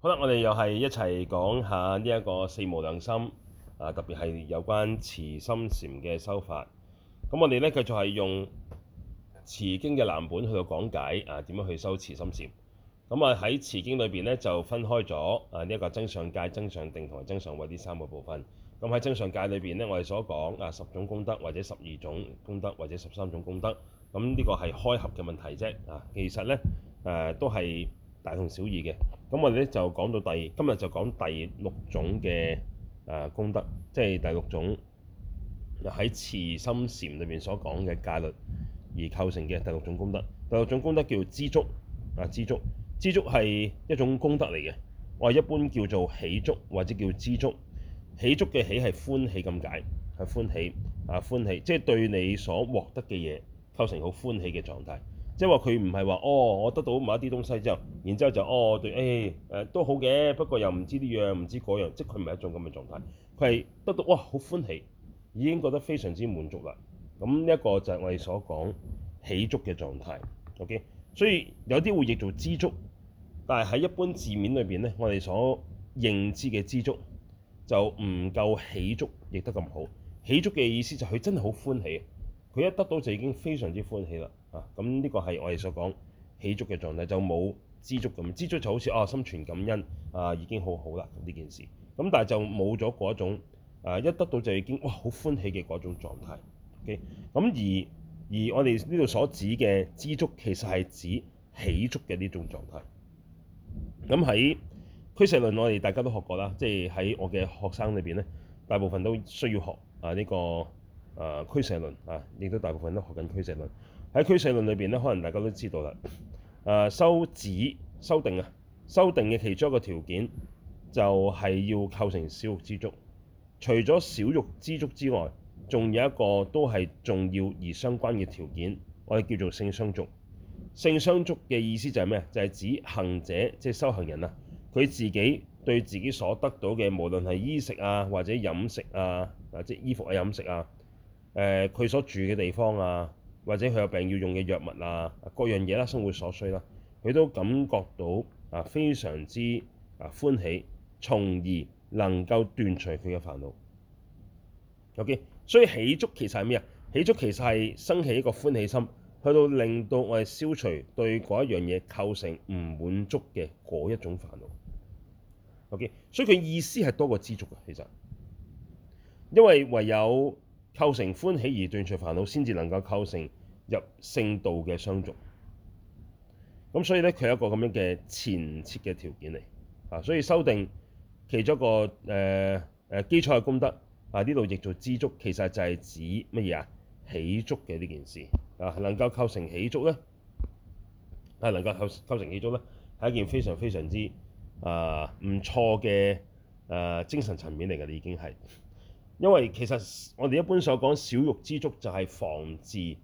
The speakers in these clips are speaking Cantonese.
好啦，我哋又係一齊講下呢一個四無量心啊，特別係有關慈心禪嘅修法。咁我哋咧，繼續係用慈經嘅藍本去到講解啊，點樣去修慈心禪。咁啊喺慈經裏邊咧，就分開咗啊呢一、這個增上戒、增上定同埋增上慧呢三個部分。咁喺增上戒裏邊咧，我哋所講啊十種功德或者十二種功德或者十三種功德，咁呢個係開合嘅問題啫啊。其實咧誒、啊、都係。大同小異嘅，咁我哋咧就講到第，今日就講第六種嘅誒功德，即係第六種喺慈心禪裏面所講嘅戒律而構成嘅第六種功德。第六種功德叫知足啊，知足，知足係一種功德嚟嘅。我係一般叫做喜足或者叫知足，喜足嘅喜係歡喜咁解，係歡喜啊，歡喜，即係對你所獲得嘅嘢構成好歡喜嘅狀態。即係話佢唔係話哦，我得到某一啲東西之後，然之後就哦對，誒誒都好嘅，不過又唔知呢樣，唔知嗰樣，即係佢唔係一種咁嘅狀態。佢係得到哇，好歡喜，已經覺得非常之滿足啦。咁呢一個就係我哋所講喜足嘅狀態。OK，所以有啲會譯做知足，但係喺一般字面裏邊呢，我哋所認知嘅知足就唔夠喜足譯得咁好。喜足嘅意思就係佢真係好歡喜，佢一得到就已經非常之歡喜啦。啊，咁、這、呢個係我哋所講喜足嘅狀態，就冇知足咁。知足就好似哦、啊，心存感恩啊，已經很好好啦呢件事。咁但係就冇咗嗰種啊，一得到就已經哇好歡喜嘅嗰種狀態。OK，、啊、咁而而我哋呢度所指嘅知足，其實係指喜足嘅呢種狀態。咁喺《俱舍論》，我哋大家都學過啦，即係喺我嘅學生裏邊咧，大部分都需要學啊呢、這個。啊，俱舍論啊，亦都大部分都學緊俱舍論，喺俱舍論裏邊咧，可能大家都知道啦。誒，修止修定啊，修定嘅其中一個條件就係要構成少欲知足。除咗少欲知足之外，仲有一個都係重要而相關嘅條件，我哋叫做性相足。性相足嘅意思就係咩？就係、是、指行者即係、就是、修行人啊，佢自己對自己所得到嘅，無論係衣食啊，或者飲食啊，或者衣服嘅、啊、飲食啊。誒、呃、佢所住嘅地方啊，或者佢有病要用嘅藥物啊，各樣嘢啦，生活所需啦、啊，佢都感覺到啊，非常之啊歡喜，從而能夠斷除佢嘅煩惱。OK，所以喜足其實係咩啊？喜足其實係生起一個歡喜心，去到令到我哋消除對嗰一樣嘢構成唔滿足嘅嗰一種煩惱。OK，所以佢意思係多過知足嘅、啊，其實因為唯有。構成歡喜而斷除煩惱，先至能夠構成入聖道嘅相續。咁所以咧，佢有一個咁樣嘅前設嘅條件嚟啊。所以修定其中一個誒誒、呃、基礎嘅功德啊，呢度亦做知足，其實就係指乜嘢啊？起足嘅呢件事啊，能夠構成起足咧，係能夠構構成起足咧，係一件非常非常之啊唔錯嘅誒、啊、精神層面嚟嘅，已經係。因為其實我哋一般所講少欲知足就係防治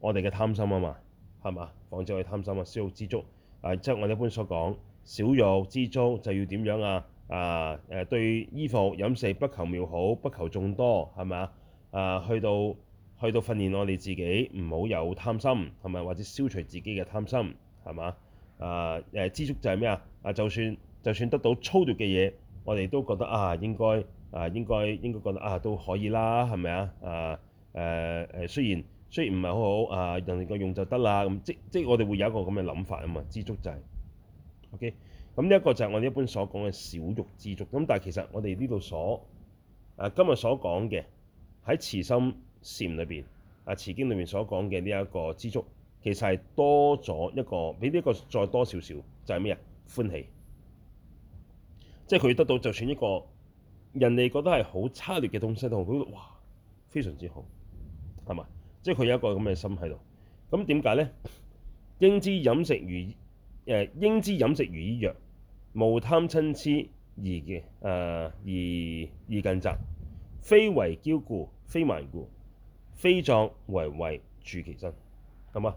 我哋嘅貪心啊嘛，係嘛？防止我哋貪心啊，少欲知足。誒、呃，即係我哋一般所講少欲知足就要點樣啊？啊誒、啊，對衣服飲食不求妙好，不求眾多，係咪啊？啊，去到去到訓練我哋自己唔好有貪心，係咪？或者消除自己嘅貪心，係嘛？啊誒，知足就係咩啊？啊，就算就算得到粗劣嘅嘢，我哋都覺得啊，應該。啊，應該應該覺得啊，都可以啦，係咪啊？啊，誒、啊、誒，雖然雖然唔係好好啊，人哋夠用就得啦。咁即即我哋會有一個咁嘅諗法啊嘛，知足就係、是、OK。咁呢一個就係我哋一般所講嘅少欲知足。咁但係其實我哋呢度所啊今日所講嘅喺慈心禪裏邊啊，慈經裏面所講嘅呢一個知足，其實係多咗一個俾呢個再多少少就係咩啊？歡喜，即係佢得到就算一個。人哋覺得係好差劣嘅東西，我覺得哇非常之好，係咪？即係佢有一個咁嘅心喺度。咁點解咧？應知飲食如誒，應知飲食如醫藥，無貪瞋痴而嘅誒、呃、而而近雜，非為驕故，非慢故，非壯為為住其身，係嘛？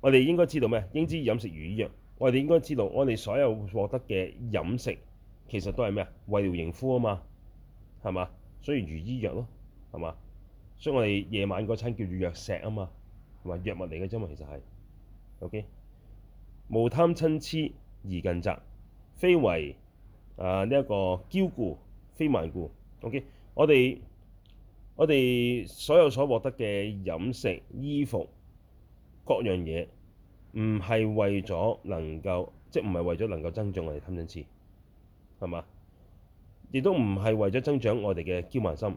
我哋應該知道咩？應知飲食如醫藥。我哋應該知道，我哋所有獲得嘅飲食其實都係咩啊？為療形枯啊嘛～係嘛？所以如醫藥咯，係嘛？所以我哋夜晚嗰餐叫做藥石啊嘛，係嘛？藥物嚟嘅啫嘛，其實係。OK，無貪嗔痴而近責，非為啊呢一個驕固，非慢故。OK，我哋我哋所有所獲得嘅飲食、衣服各樣嘢，唔係為咗能夠，即係唔係為咗能夠增進我哋貪嗔痴，係嘛？亦都唔係為咗增長我哋嘅驕慢心，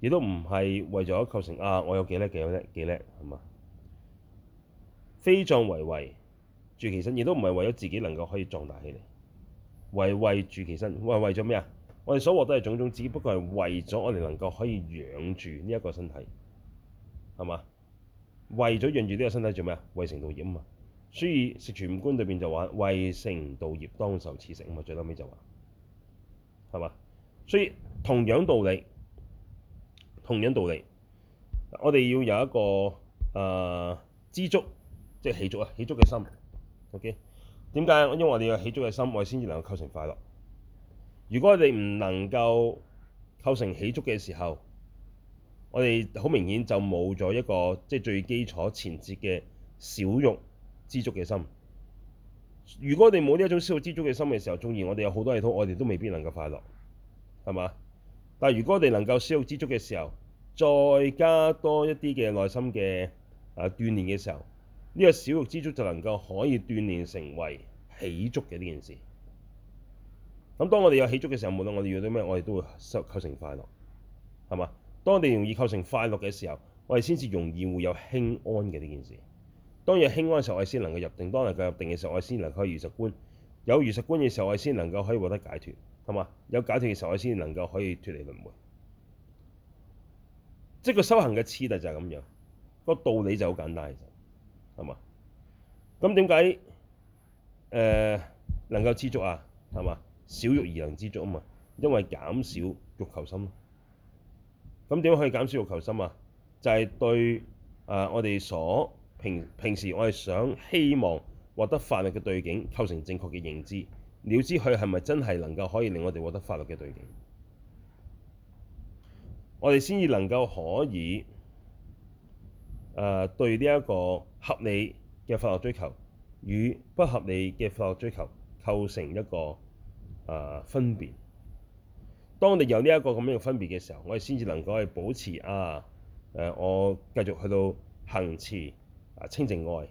亦都唔係為咗構成啊！我有幾叻幾有叻幾叻，係嘛？非壯為維住其身，亦都唔係為咗自己能夠可以壯大起嚟。為維住其身，我係為咗咩啊？我哋所獲得嘅種種，只不過係為咗我哋能夠可以養住呢一個身體，係嘛？為咗養住呢個身體做咩啊？為成道業啊嘛！所以食存五觀裏邊就話為成道業當受此食啊嘛！最後尾就話。係嘛？所以同樣道理，同樣道理，我哋要有一個誒知足，即係喜足啊！喜足嘅心，OK？點解？因為我哋有喜足嘅心，我先至能夠構成快樂。如果我哋唔能夠構成喜足嘅時候，我哋好明顯就冇咗一個即係最基礎前設嘅少欲知足嘅心。如果我哋冇呢一種少欲知足嘅心嘅時候，縱然我哋有好多系統，我哋都未必能夠快樂，係嘛？但如果我哋能夠少欲知足嘅時候，再加多一啲嘅內心嘅啊鍛煉嘅時候，呢、這個少欲知足就能夠可以鍛煉成為喜足嘅呢件事。咁當我哋有喜足嘅時候，無論我哋遇到咩，我哋都會收構成快樂，係嘛？當我哋容易構成快樂嘅時候，我哋先至容易會有輕安嘅呢件事。當日輕安嘅時候，我先能夠入定；當能夠入定嘅時候，我先能夠如實觀；有如實觀嘅時候，我先能夠可以獲得解脫，係嘛？有解脫嘅時候，我先能夠可以脫離輪迴。即係個修行嘅次第就係咁樣，個道理就好簡單，其實係嘛？咁點解誒能夠知足啊？係嘛？少欲而能知足啊嘛？因為減少欲求心。咁點樣可以減少欲求心啊？就係、是、對誒、呃、我哋所。平平時我哋想希望獲得法律嘅對境，構成正確嘅認知。了知佢係咪真係能夠可以令我哋獲得法律嘅對境，我哋先至能夠可以誒、呃、對呢一個合理嘅法律追求與不合理嘅法律追求構成一個誒、呃、分別。當你有呢、這、一個咁樣嘅分別嘅時候，我哋先至能夠去保持啊誒、呃，我繼續去到行持。清淨愛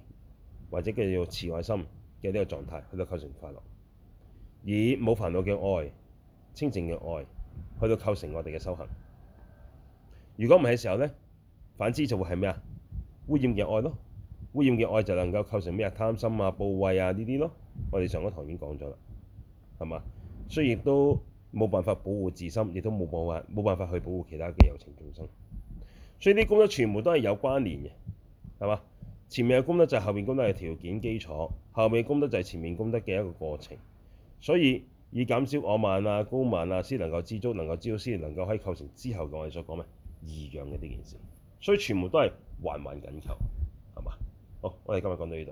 或者叫做慈愛心嘅呢個狀態，去到構成快樂；以冇煩惱嘅愛、清淨嘅愛，去到構成我哋嘅修行。如果唔係時候咧，反之就會係咩啊？污染嘅愛咯，污染嘅愛就能夠構成咩啊？貪心啊、瞋恚啊呢啲咯。我哋上個堂已經講咗啦，係嘛？所以亦都冇辦法保護自心，亦都冇辦法冇辦法去保護其他嘅有情眾生。所以啲工作全部都係有關聯嘅，係嘛？前面嘅功德就係後面的功德嘅條件基礎，後面功德就係前面功德嘅一個過程，所以以減少我慢啊、高慢啊，先能夠知足，能夠知足，先能夠可以構成之後我哋所講嘅異養嘅呢件事，所以全部都係環環緊扣，係嘛？好，我哋今日講到呢度。